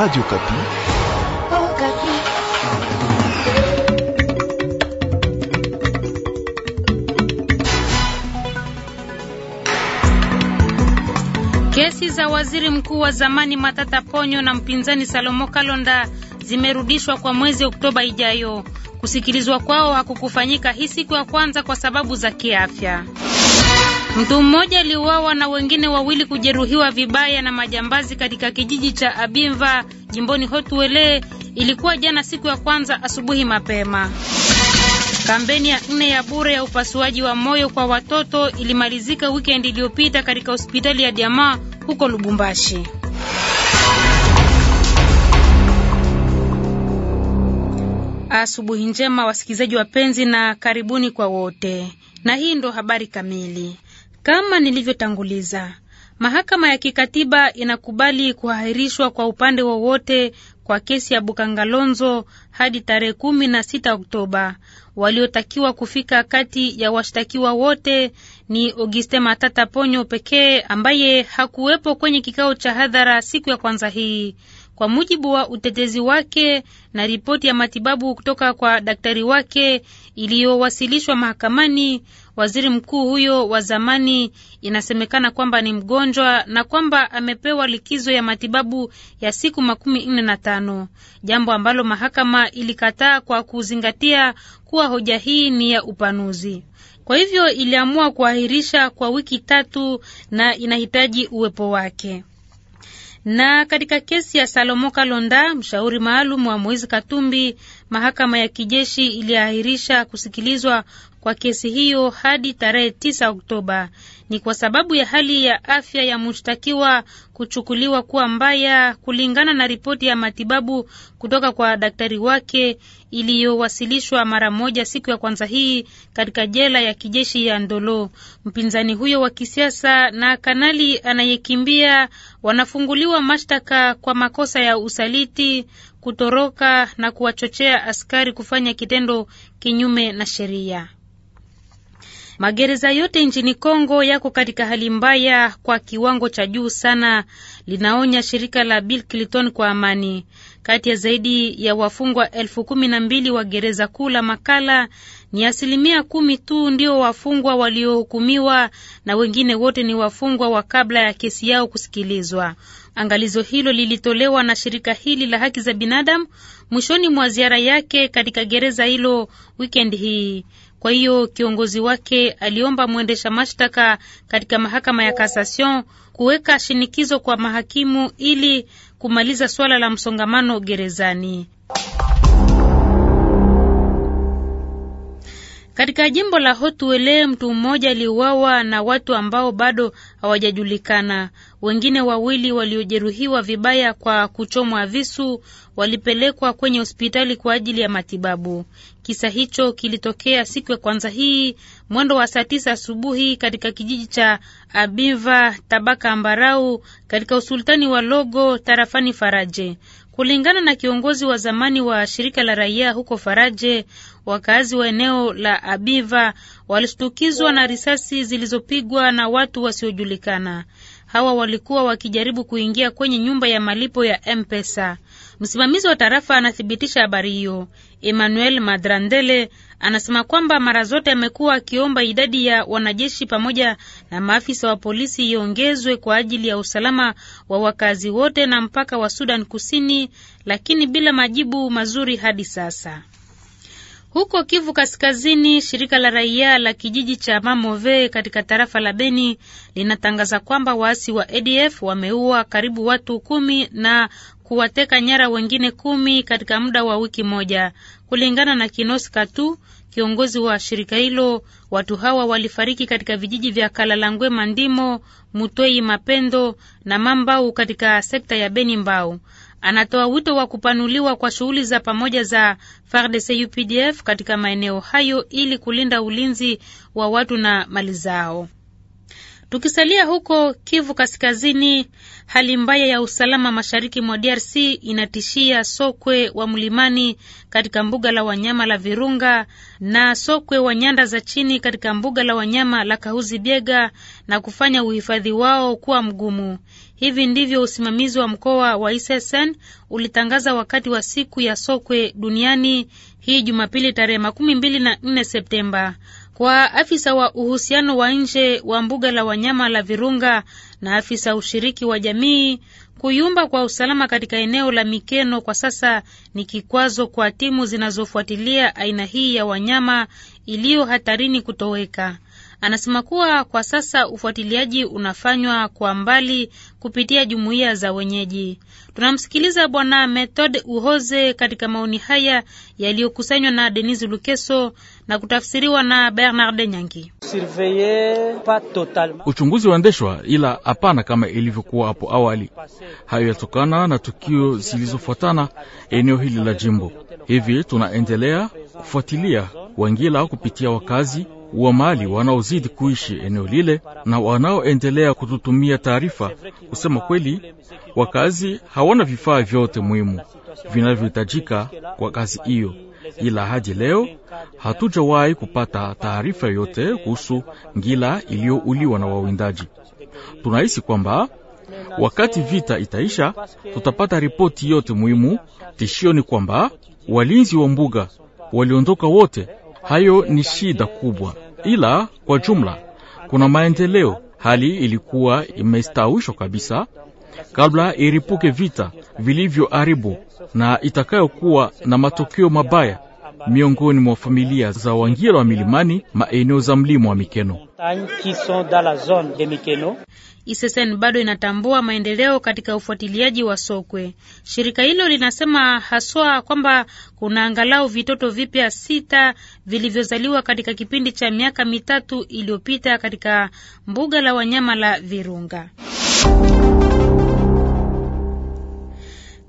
Radio Kapi. Oh, Kapi. Kesi za waziri mkuu wa zamani Matata Ponyo na mpinzani Salomo Kalonda zimerudishwa kwa mwezi Oktoba ijayo. Kusikilizwa kwao hakukufanyika hii siku ya kwanza kwa sababu za kiafya. Mtu mmoja aliuawa na wengine wawili kujeruhiwa vibaya na majambazi katika kijiji cha Abimva jimboni Hotuele. Ilikuwa jana siku ya kwanza asubuhi mapema. Kampeni ya nne ya bure ya upasuaji wa moyo kwa watoto ilimalizika wikendi iliyopita katika hospitali ya Diama huko Lubumbashi. Asubuhi njema wasikilizaji wapenzi, na karibuni kwa wote, na hii ndo habari kamili. Kama nilivyotanguliza, mahakama ya kikatiba inakubali kuahirishwa kwa upande wowote kwa kesi ya Bukangalonzo hadi tarehe kumi na sita Oktoba. Waliotakiwa kufika kati ya washtakiwa wote ni Auguste Matata Ponyo pekee ambaye hakuwepo kwenye kikao cha hadhara siku ya kwanza hii. Kwa mujibu wa utetezi wake na ripoti ya matibabu kutoka kwa daktari wake iliyowasilishwa mahakamani, Waziri mkuu huyo wa zamani inasemekana kwamba ni mgonjwa na kwamba amepewa likizo ya matibabu ya siku makumi nne na tano, jambo ambalo mahakama ilikataa kwa kuzingatia kuwa hoja hii ni ya upanuzi. Kwa hivyo iliamua kuahirisha kwa wiki tatu na inahitaji uwepo wake. Na katika kesi ya Salomo Kalonda, mshauri maalum wa Moise Katumbi, mahakama ya kijeshi iliahirisha kusikilizwa kwa kesi hiyo hadi tarehe t Oktoba. Ni kwa sababu ya hali ya afya ya mshtakiwa kuchukuliwa kuwa mbaya, kulingana na ripoti ya matibabu kutoka kwa daktari wake iliyowasilishwa mara moja siku ya kwanza hii katika jela ya kijeshi ya Ndolo. Mpinzani huyo wa kisiasa na kanali anayekimbia wanafunguliwa mashtaka kwa makosa ya usaliti, kutoroka na kuwachochea askari kufanya kitendo kinyume na sheria. Magereza yote nchini Kongo yako katika hali mbaya kwa kiwango cha juu sana, linaonya shirika la Bill Clinton kwa amani. Kati ya zaidi ya wafungwa elfu kumi na mbili wa gereza kuu la Makala, ni asilimia kumi tu ndio wafungwa waliohukumiwa na wengine wote ni wafungwa wa kabla ya kesi yao kusikilizwa. Angalizo hilo lilitolewa na shirika hili la haki za binadamu mwishoni mwa ziara yake katika gereza hilo wikendi hii. Kwa hiyo kiongozi wake aliomba mwendesha mashtaka katika mahakama ya Kasasion kuweka shinikizo kwa mahakimu ili kumaliza suala la msongamano gerezani. Katika jimbo la Hotuele mtu mmoja aliuawa na watu ambao bado hawajajulikana. Wengine wawili waliojeruhiwa vibaya kwa kuchomwa visu walipelekwa kwenye hospitali kwa ajili ya matibabu. Kisa hicho kilitokea siku ya kwanza hii mwendo wa saa tisa asubuhi katika kijiji cha Abiva tabaka Ambarau katika usultani wa Logo tarafani Faraje. Kulingana na kiongozi wa zamani wa shirika la raia huko Faraje, wakazi wa eneo la Abiva walishtukizwa na risasi zilizopigwa na watu wasiojulikana. Hawa walikuwa wakijaribu kuingia kwenye nyumba ya malipo ya M-Pesa. Msimamizi wa tarafa anathibitisha habari hiyo. Emmanuel Madrandele anasema kwamba mara zote amekuwa akiomba idadi ya wanajeshi pamoja na maafisa wa polisi iongezwe kwa ajili ya usalama wa wakazi wote na mpaka wa Sudan Kusini, lakini bila majibu mazuri hadi sasa. Huko Kivu Kaskazini, shirika la raia la kijiji cha Mamove katika tarafa la Beni linatangaza kwamba waasi wa ADF wameua karibu watu kumi na kuwateka nyara wengine kumi katika muda wa wiki moja. Kulingana na Kinoska tu, kiongozi wa shirika hilo, watu hawa walifariki katika vijiji vya Kalalangwe, Mandimo, Mutwei, Mapendo na Mambau katika sekta ya Beni Mbau. Anatoa wito wa kupanuliwa kwa shughuli za pamoja za FARDC e UPDF katika maeneo hayo ili kulinda ulinzi wa watu na mali zao. Tukisalia huko Kivu Kaskazini, hali mbaya ya usalama mashariki mwa DRC inatishia sokwe wa mlimani katika mbuga la wanyama la Virunga na sokwe wa nyanda za chini katika mbuga la wanyama la Kahuzi Biega na kufanya uhifadhi wao kuwa mgumu. Hivi ndivyo usimamizi wa mkoa wa SSN ulitangaza wakati wa siku ya sokwe duniani hii Jumapili tarehe makumi mbili na nne Septemba kwa afisa wa uhusiano wa nje wa mbuga la wanyama la Virunga na afisa ushiriki wa jamii, kuyumba kwa usalama katika eneo la Mikeno kwa sasa ni kikwazo kwa timu zinazofuatilia aina hii ya wanyama iliyo hatarini kutoweka. Anasema kuwa kwa sasa ufuatiliaji unafanywa kwa mbali kupitia jumuiya za wenyeji. Tunamsikiliza Bwana Method Uhoze katika maoni haya yaliyokusanywa na Denis Lukeso na kutafsiriwa na Bernard Nyangi. Uchunguzi waendeshwa, ila hapana kama ilivyokuwa hapo awali. Hayo yatokana na tukio zilizofuatana eneo hili la jimbo. Hivi tunaendelea kufuatilia Wangila kupitia wakazi wa Mali wanaozidi kuishi eneo lile na wanaoendelea kututumia taarifa. Kusema kweli, wakazi hawana vifaa vyote muhimu vinavyohitajika kwa kazi hiyo, ila hadi leo hatujawahi kupata taarifa yoyote kuhusu ngila iliyouliwa na wawindaji. Tunahisi kwamba wakati vita itaisha, tutapata ripoti yote muhimu. Tishio ni kwamba walinzi wa mbuga waliondoka wote Hayo ni shida kubwa, ila kwa jumla kuna maendeleo. Hali ilikuwa imestawishwa kabisa kabla iripuke vita vilivyoharibu na itakayokuwa na matokeo mabaya miongoni mwa familia za Wangila wa milimani, maeneo za mlima wa Mikeno. ISSN bado inatambua maendeleo katika ufuatiliaji wa sokwe. Shirika hilo linasema haswa kwamba kuna angalau vitoto vipya sita vilivyozaliwa katika kipindi cha miaka mitatu iliyopita katika mbuga la wanyama la Virunga.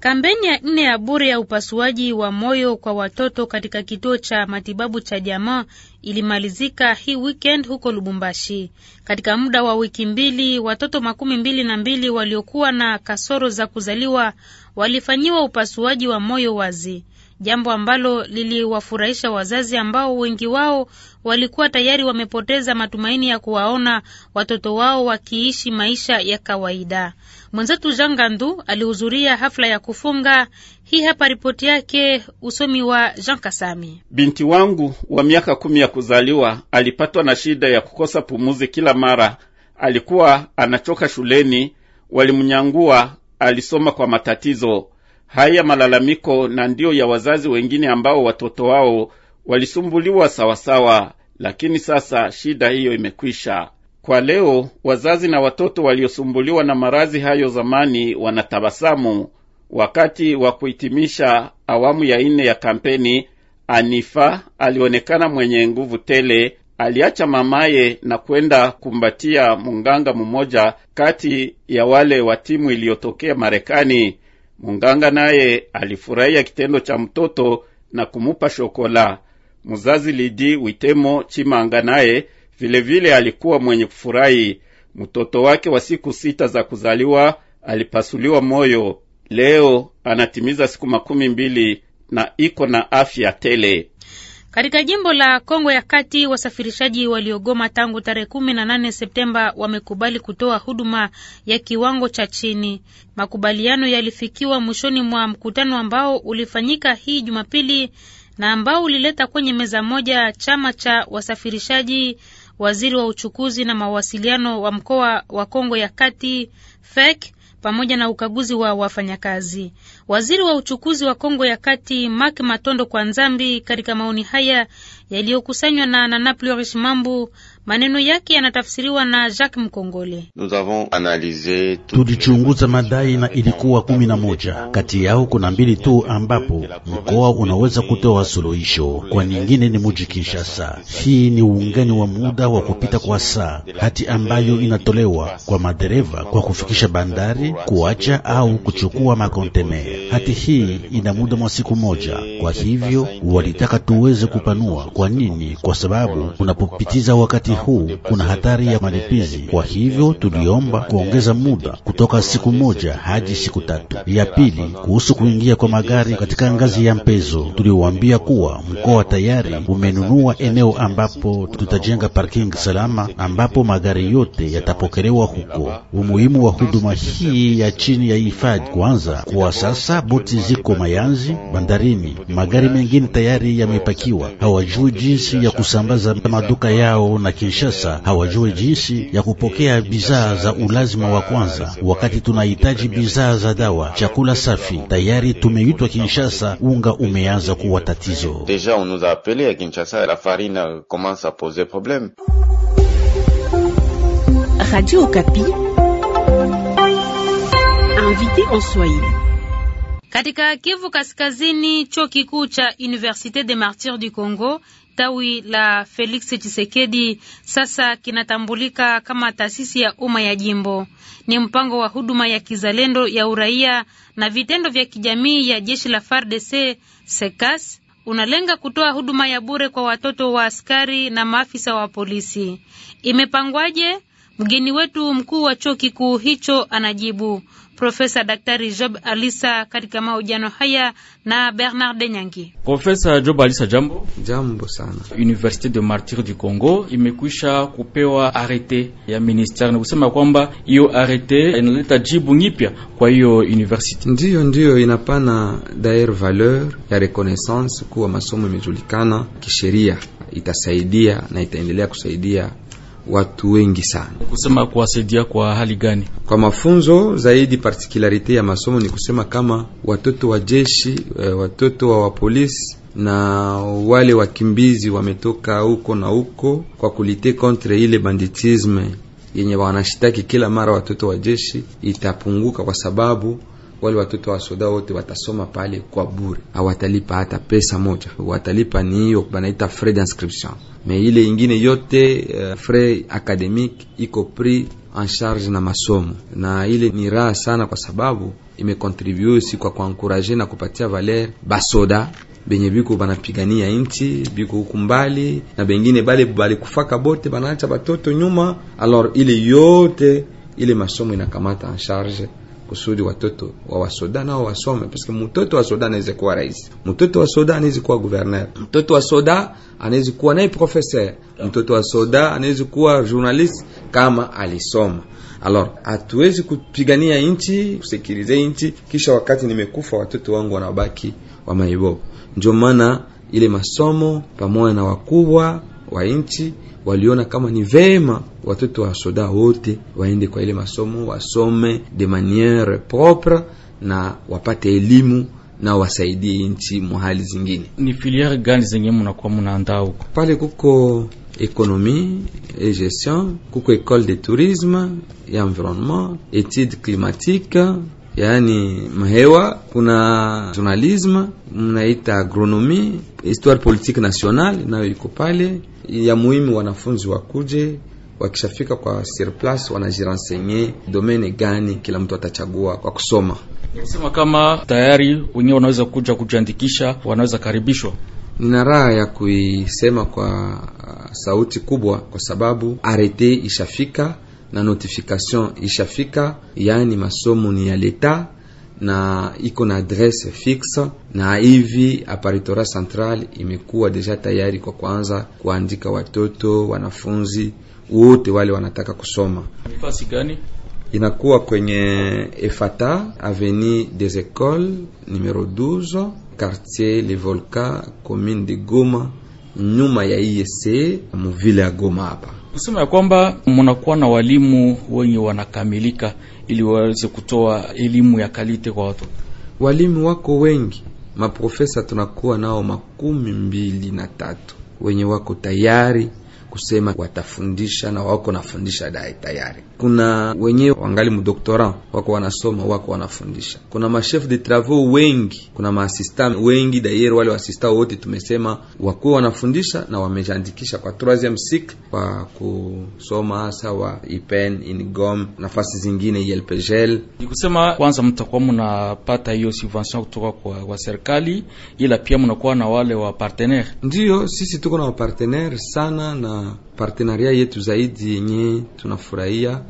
Kampeni ya nne ya bure ya upasuaji wa moyo kwa watoto katika kituo cha matibabu cha Jamaa ilimalizika hii weekend huko Lubumbashi. Katika muda wa wiki mbili, watoto makumi mbili na mbili waliokuwa na kasoro za kuzaliwa walifanyiwa upasuaji wa moyo wazi jambo ambalo liliwafurahisha wazazi ambao wengi wao walikuwa tayari wamepoteza matumaini ya kuwaona watoto wao wakiishi maisha ya kawaida. Mwenzetu jean gandu alihudhuria hafla ya kufunga. Hii hapa ripoti yake, usomi wa Jean Kasami. Binti wangu wa miaka kumi ya kuzaliwa alipatwa na shida ya kukosa pumuzi kila mara, alikuwa anachoka shuleni, walimnyangua, alisoma kwa matatizo haya malalamiko na ndiyo ya wazazi wengine ambao watoto wao walisumbuliwa sawasawa, lakini sasa shida hiyo imekwisha. Kwa leo wazazi na watoto waliosumbuliwa na marazi hayo zamani wanatabasamu. Wakati wa kuhitimisha awamu ya ine ya kampeni, Anifa alionekana mwenye nguvu tele. Aliacha mamaye na kwenda kumbatia munganga mmoja kati ya wale wa timu iliyotokea Marekani. Munganga naye alifurahia kitendo cha mtoto na kumupa shokola. Mzazi Lidi Witemo Chimanga naye vilevile alikuwa mwenye kufurahi. Mtoto wake wa siku sita za kuzaliwa alipasuliwa moyo, leo anatimiza siku makumi mbili na iko na afya tele. Katika jimbo la Kongo ya Kati, wasafirishaji waliogoma tangu tarehe kumi na nane Septemba wamekubali kutoa huduma ya kiwango cha chini. Makubaliano yalifikiwa mwishoni mwa mkutano ambao ulifanyika hii Jumapili na ambao ulileta kwenye meza moja chama cha wasafirishaji, waziri wa uchukuzi na mawasiliano wa mkoa wa Kongo ya Kati, FEC, pamoja na ukaguzi wa wafanyakazi. Waziri wa uchukuzi wa Kongo ya Kati Mark Matondo kwa Nzambi, katika maoni haya yaliyokusanywa na Nana Plurish Mambu Maneno yake yanatafsiriwa na Jacques Mkongole. Tulichunguza madai na ilikuwa kumi na moja, kati yao kuna mbili tu ambapo mkoa unaweza kutoa suluhisho, kwa nyingine ni muji Kinshasa. Hii ni uungani wa muda wa kupita kwa saa, hati ambayo inatolewa kwa madereva kwa kufikisha bandari, kuacha au kuchukua makonteme. Hati hii ina muda mwa siku moja, kwa hivyo walitaka tuweze kupanua. Kwa nini? Kwa sababu unapopitiza wakati huu kuna hatari ya malipizi. Kwa hivyo tuliomba kuongeza muda kutoka siku moja hadi siku tatu. Ya pili, kuhusu kuingia kwa magari katika ngazi ya Mpezo, tuliwaambia kuwa mkoa tayari umenunua eneo ambapo tutajenga parking salama ambapo magari yote yatapokelewa huko. Umuhimu wa huduma hii ya chini ya hifadhi kwanza, kwa sasa boti ziko Mayanzi bandarini, magari mengine tayari yamepakiwa. Hawajui jinsi ya kusambaza maduka yao na Kinshasa hawajue jinsi ya kupokea bidhaa za ulazima wa kwanza, wakati tunahitaji bidhaa za dawa, chakula safi. Tayari tumeitwa Kinshasa, unga umeanza kuwa tatizo. Deja on nous a Kinshasa, la farine euh, commence a poser Radio Okapi invité en Katika Kivu Kaskazini, chuo kikuu cha Universite des Martyrs du Congo tawi la Felix chisekedi sasa kinatambulika kama taasisi ya umma ya jimbo. Ni mpango wa huduma ya kizalendo ya uraia na vitendo vya kijamii ya jeshi la FARDC SECAS unalenga kutoa huduma ya bure kwa watoto wa askari na maafisa wa polisi. Imepangwaje? Mgeni wetu mkuu wa chuo kikuu hicho anajibu. Profesa Daktari Job Alisa katika mahojiano haya na Bernard Nyangi. Profesa Job Alisa, jambo. Jambo sana. Universite de Martyr du Congo imekwisha kupewa arete ya ministere na kusema kwamba hiyo arete inaleta jibu nyipya kwa hiyo university. Ndiyo, ndiyo inapana daer valeur ya reconnaissance kuwa masomo imejulikana kisheria, itasaidia na itaendelea kusaidia watu wengi sana. Kusema kuwasaidia kwa hali gani? Kwa mafunzo zaidi, partikularite ya masomo ni kusema kama watoto wa jeshi, eh, watoto wa wapolisi na wale wakimbizi wametoka huko na huko, kwa kulite contre ile banditisme yenye wanashitaki kila mara watoto wa jeshi, itapunguka kwa sababu wale watoto wa soda wote watasoma pale kwa bure, hawatalipa hata pesa moja. Watalipa ni hiyo banaita frais d'inscription, me ile ingine yote uh, frais academique iko pris en charge na masomo, na ile ni raha sana, kwa sababu imekontribue si kwa kuankuraje na kupatia valeur basoda benye biko banapigania inchi biko huku mbali na bengine bale balikufaka bote banaacha batoto nyuma. Alors ile yote ile masomo inakamata en charge kusudi watoto wa wasoda nao wasome, paske mtoto wa soda anaweza kuwa rais, mtoto wa soda anaweza kuwa guverner, mtoto wa soda anaweza kuwa naye professeur, mtoto wa soda anaweza kuwa journalist kama alisoma. Alors, hatuwezi kupigania nchi kusekirize nchi kisha wakati nimekufa watoto wangu wanabaki wa maibobo. Ndio maana ile masomo pamoja na wakubwa wa nchi waliona kama ni vema watoto wa soda wote waende kwa ile masomo, wasome de maniere propre na wapate elimu na wasaidie nchi mahali zingine. Ni filiere gani zenye mnakuwa mnaandaa huko? Pale kuko ekonomi et gestion, kuko école de tourisme et environnement, etude climatique yaani mahewa, kuna journalisme mnaita agronomi, histoire politique nationale nayo iko pale. Ya muhimu wanafunzi wakuje wakishafika kwa surplace wanajirensenye domaine gani kila mtu atachagua kwa kusoma. Sema kama tayari wenyewe wanaweza kuja kujiandikisha, wanaweza karibishwa. Nina raha ya kuisema kwa uh, sauti kubwa, kwa sababu arete ishafika na notification ishafika, yaani masomo ni ya leta na iko na adresse fixe, na hivi aparitora central imekuwa deja tayari kwa kwanza kuandika watoto wanafunzi wote wale wanataka kusoma. Nafasi gani? Inakuwa kwenye Efata Avenue des Ecoles numero 12 quartier Le Volcan commune de Goma, nyuma ya IEC muvile ya Goma hapa kusema ya kwamba munakuwa na walimu wenye wanakamilika ili waweze kutoa elimu ya kalite kwa watu. Walimu wako wengi, maprofesa tunakuwa nao makumi mbili na tatu wenye wako tayari kusema watafundisha na wako nafundisha dai tayari. Kuna wenyewe wangali mdoktora wako wanasoma wako wanafundisha. Kuna machef de travaux wengi, kuna maasista wengi dayere, wale waasista wote tumesema wako wanafundisha na wamejiandikisha kwa troisieme cycle kwa kusoma hasa wa IPEN INGOM nafasi zingine ILPGL. Ni kusema kwanza mtakuwa mnapata hiyo subvention kutoka kwa, kwa serikali, ila pia mnakuwa na wale wa partenaire. Ndiyo, sisi tuko na wapartenaire sana na partenaria yetu zaidi yenye tunafurahia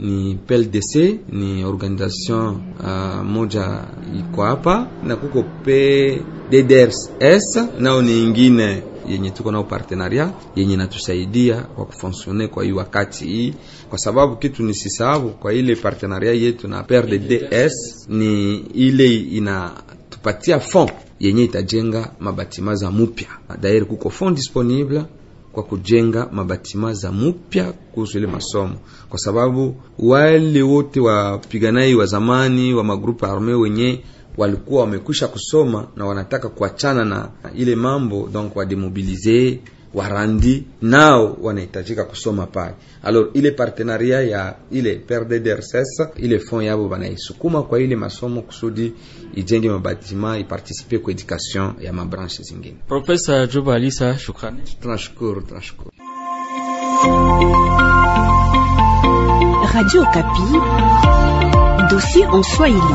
ni PLDC, ni organization uh, moja iko hapa na kuko pe DDRS nao ni ingine yenye tuko nao partenariat yenye natusaidia kwa kufonctionner kwa hii wakati hii, kwa sababu kitu nisisahau kwa ile partenariat yetu na PRDDS ni ile inatupatia fond yenye itajenga mabatima za mupya. daire, kuko fond disponible kwa kujenga mabatima za mupya kuhusu ile masomo, kwa sababu wale wote wapiganai wa zamani wa magrupu arme wenye walikuwa wamekwisha kusoma na wanataka kuachana na ile mambo, donc wademobilize warandi nao wanahitajika kusoma pale. Alors ile partenariat ya ile perde PRDDRSS ile fond yabo banaisukuma kwa ile masomo kusudi ijenge mabatima ipartisipe kwa education ya mabranche zingine. Profesa Juba Alisa, shukrani. Tunashukuru, tunashukuru. Radio Kapi, dossier en Swahili.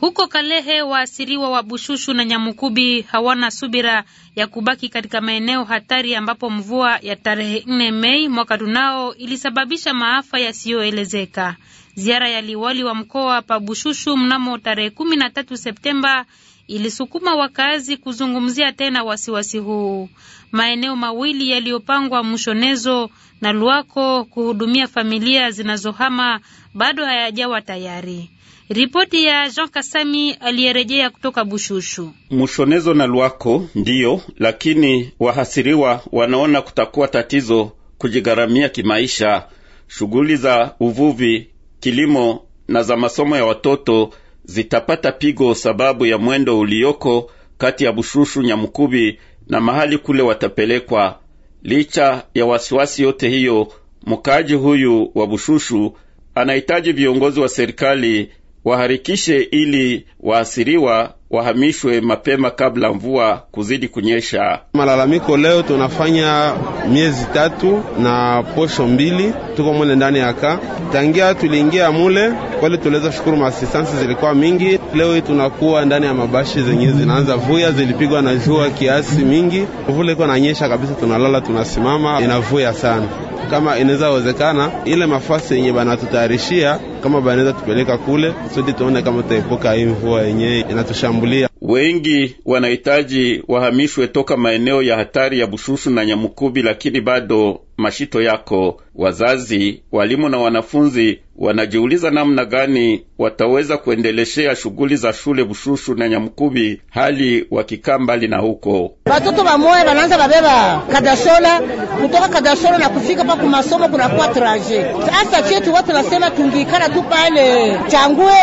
Huko Kalehe, waasiriwa wa Bushushu na Nyamukubi hawana subira ya kubaki katika maeneo hatari ambapo mvua ya tarehe 4 Mei mwaka tunao ilisababisha maafa yasiyoelezeka. Ziara ya liwali wa mkoa pa Bushushu mnamo tarehe 13 Septemba ilisukuma wakazi kuzungumzia tena wasiwasi huu. Maeneo mawili yaliyopangwa Mshonezo na Luako kuhudumia familia zinazohama bado hayajawa tayari. Ripoti ya Jean Kasami aliyerejea kutoka Bushushu. Mushonezo na Lwako ndiyo, lakini wahasiriwa wanaona kutakuwa tatizo kujigharamia kimaisha. Shughuli za uvuvi, kilimo na za masomo ya watoto zitapata pigo sababu ya mwendo ulioko kati ya Bushushu, Nyamukubi na mahali kule watapelekwa. Licha ya wasiwasi yote hiyo, mkaaji huyu wa Bushushu anahitaji viongozi wa serikali waharikishe ili waasiriwa wahamishwe mapema kabla mvua kuzidi kunyesha. Malalamiko leo tunafanya miezi tatu na posho mbili, tuko mule ndani ya ka tangia tuliingia mule kweli, tuliweza shukuru maasistansi zilikuwa mingi. Leo hii tunakuwa ndani ya mabashi zenyewe zinaanza vuya, zilipigwa na jua kiasi mingi, mvula iko nanyesha kabisa, tunalala tunasimama, inavuya sana. Kama inaweza wezekana ile mafasi yenye banatutayarishia kama banaweza tupeleka kule sote tuone kama tutaepuka hii mvua yenyewe inatushambulia. Wengi wanahitaji wahamishwe toka maeneo ya hatari ya Bushushu na Nyamukubi, lakini bado mashito yako. Wazazi, walimu na wanafunzi wanajiuliza namna gani wataweza kuendeleshea shughuli za shule Bushushu na Nyamukubi hali wakikaa mbali na huko. Watoto wamoya wanaanza babeba kadashola kutoka kadashola na kufika pa kumasomo kunakuwa traje. Sasa chetu watu nasema tungikala tu pale changue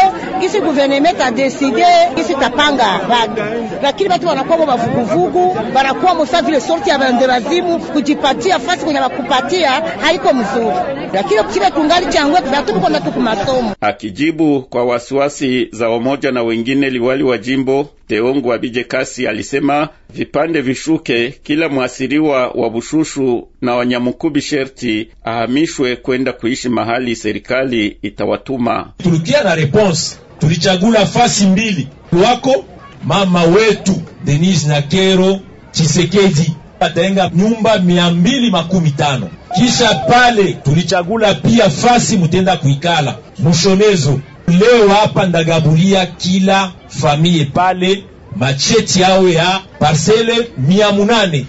kisi guvernemeta deside kisi tapanga bado, lakini batu wanakuwa bavuguvugu, wanakuwa mosa vile sorti ya bande bazimu kujipatia fasi kwenye wakupatia haiko mzuri, lakini kile kungali changwe batuikona tu kumasomo. Akijibu kwa wasiwasi za wamoja na wengine, liwali wa jimbo Teongo Abije Kasi alisema vipande vishuke, kila mwasiriwa wa Bushushu na Wanyamukubi sherti ahamishwe kwenda kuishi mahali serikali itawatuma. Turutia na reponse, tulichagula fasi mbili wako mama wetu Denis Nakero Chisekedi ataenga nyumba mia mbili makumi tano. Kisha pale tulichagula pia fasi mutenda kuikala Mushonezo. Leo hapa ndagabulia kila famie pale macheti yao ya parcele mia munane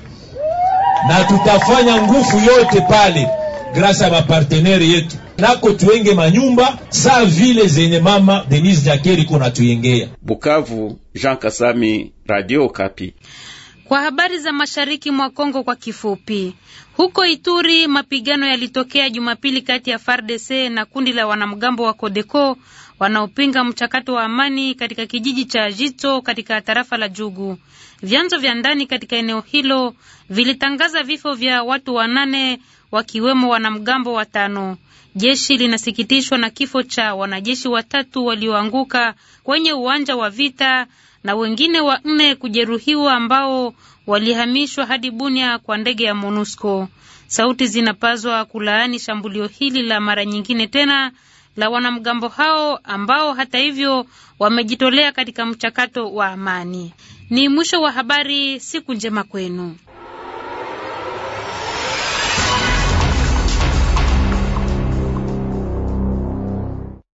na tutafanya nguvu yote pale grasa ya bapartenere yetu nako tuenge manyumba saa vile zenye mama Denise Nyakeri kuna tuyengea. Bukavu, Jean Kasami, Radio Kapi. Kwa habari za mashariki mwa Kongo kwa kifupi, huko Ituri mapigano yalitokea Jumapili kati ya FARDC na kundi la wanamgambo wa Kodeko wanaopinga mchakato wa amani katika kijiji cha Jito katika tarafa la Jugu. Vyanzo vya ndani katika eneo hilo vilitangaza vifo vya watu wanane wakiwemo wanamgambo watano. Jeshi linasikitishwa na kifo cha wanajeshi watatu walioanguka kwenye uwanja wa vita na wengine wanne kujeruhiwa ambao walihamishwa hadi Bunia kwa ndege ya MONUSCO. Sauti zinapazwa kulaani shambulio hili la mara nyingine tena la wanamgambo hao ambao hata hivyo wamejitolea katika mchakato wa amani. Ni mwisho wa habari. Siku njema kwenu.